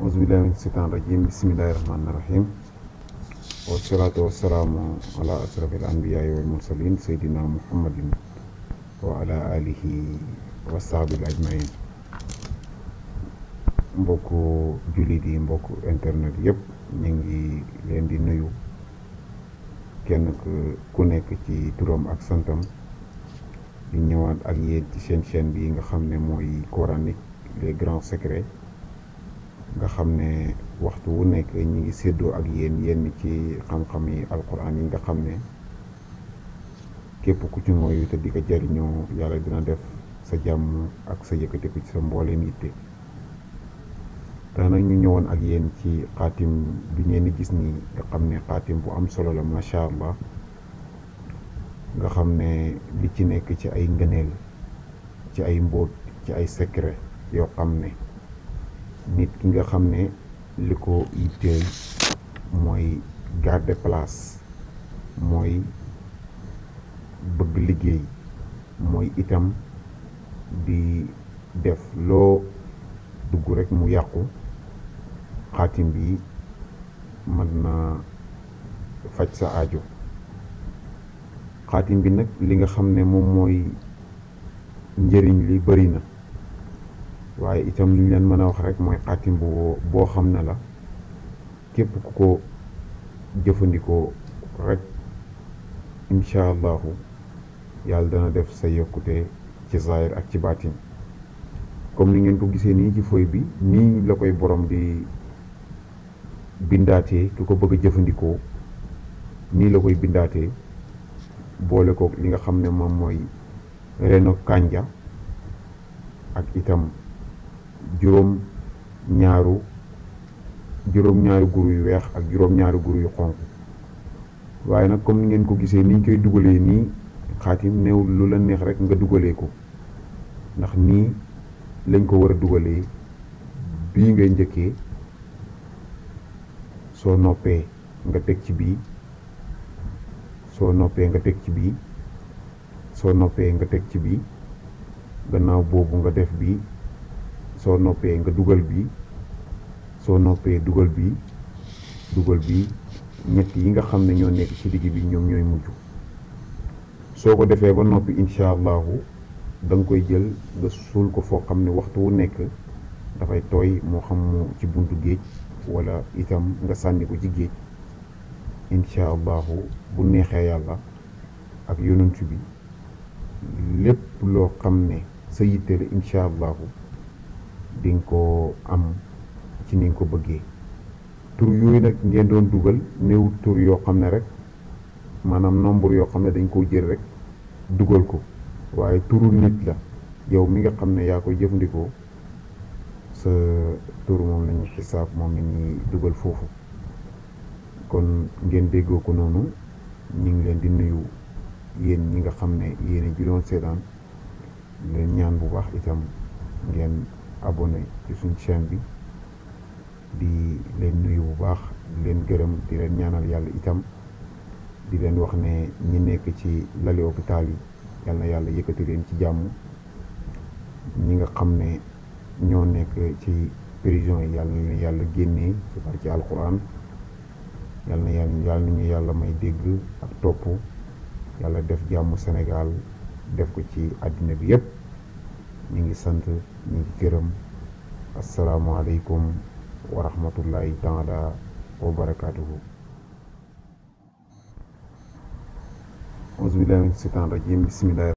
aousubillahi min seytaan rajim je suis ala à wal mursalin muhammadin wa ala wa suis ajmain internet ngi leen nuyu kenn ku nekk ci turam ak santam ñu ñëwaat ak yéen ci seen chaîne bi nga xam coranique les grands secrets nga xam ne waxtu wu nekk ñi ngi séddoo ak yéen yenn ci xam-xam yi alquran yi nga xam ne képp ku ci mooyu te di ko jariñoo yàlla dina def sa jàmm ak sa ko ci sa mbooleem itte te nag ñu ñëwoon ak yéen ci xaatim bi ngeen di gis nii nga xam ne xaatim bu am solo la macha allah nga xam ne li ci nekk ci ay ngëneel ci ay mbóot ci ay secret yoo xam ne nit ki nga xam ne li ko yitteel mooy garder place mooy bëgg liggéey mooy itam di def loo dugg rekk mu yàqu xaatim bi mën na faj sa ajo xaatim bi nag li nga xam ne moom mooy njëriñ li bari na waaye itam li ñu leen mën a wax rek mooy xaatim bu boo xam ne la képp ku ko jëfandikoo rek incha allahu yàlla dana def sa yokkute ci zaahir ak ci baatin comme ni ngeen ko gisee nii ci foy bi nii la koy borom di bindaatee ki ko bëgg jëfandikoo nii la koy bindaatee boole ko li nga xam ne moom mooy reno kànja ak itam juróom ñaaru juróom ñaari guru yu weex ak juróom ñaari guru yu xonq waaye nag comme ni ngeen ko gisee niñ koy dugalee nii xaatim néew lu la neex rek nga dugalee ko ndax nii lañ ko war a dugalee bii ngay njëkkee soo noppee nga teg ci bii soo noppee nga teg ci bii soo noppee nga teg ci bii gannaaw boobu nga def bii soo noppee nga dugal bi soo noppee dugal bi dugal bi ñett yi nga xam ne ñoo nekk ci digg bi ñoom ñooy mujj soo ko defee ba noppi incha allahu da nga koy jël nga suul ko foo xam ne waxtu wu nekk dafay tooy moo xam mu ci buntu géej wala itam nga sànni ko ci géej incha allahu bu neexee yàlla ak yonent bi lépp loo xam ne sa yitte la allahu di nga ko am ci ni nga ko bëggee tur yooyu nag ngeen doon dugal néew tur yoo xam ne rek maanaam nombre yoo xam ne dañ koo jël rek dugal ko waaye turu nit la yow mi nga xam ne yaa ko jëfandikoo sa tur moom lañu xisaab moom la ñuy dugal foofu kon ngeen déggoo ko noonu ñu ngi leen di nuyu yéen ñi nga xam ne yéen a ji doon seetaan leen ñaan bu baax itam ngeen. abonné ci suñ chaîne bi di leen nuyu bu baax di leen gërëm di leen ñaanal yàlla itam di leen wax ne ñi nekk ci lali hôpital yi na yàlla yëkkati leen ci jàmm ñi nga xam ne ñoo nekk ci prison yi yàlla na yàlla génnee ci barke alquran yàlla na yàlla yàlla nañu yàlla may dégg ak topp yàlla def jàmm Sénégal def ko ci àddina bi yépp ñu ngi sant ñu ngi gërëm asalaamualeykum wa rahmatullahi taala wa barakaatuhu auzu billahi min seytaan rajim bismillahi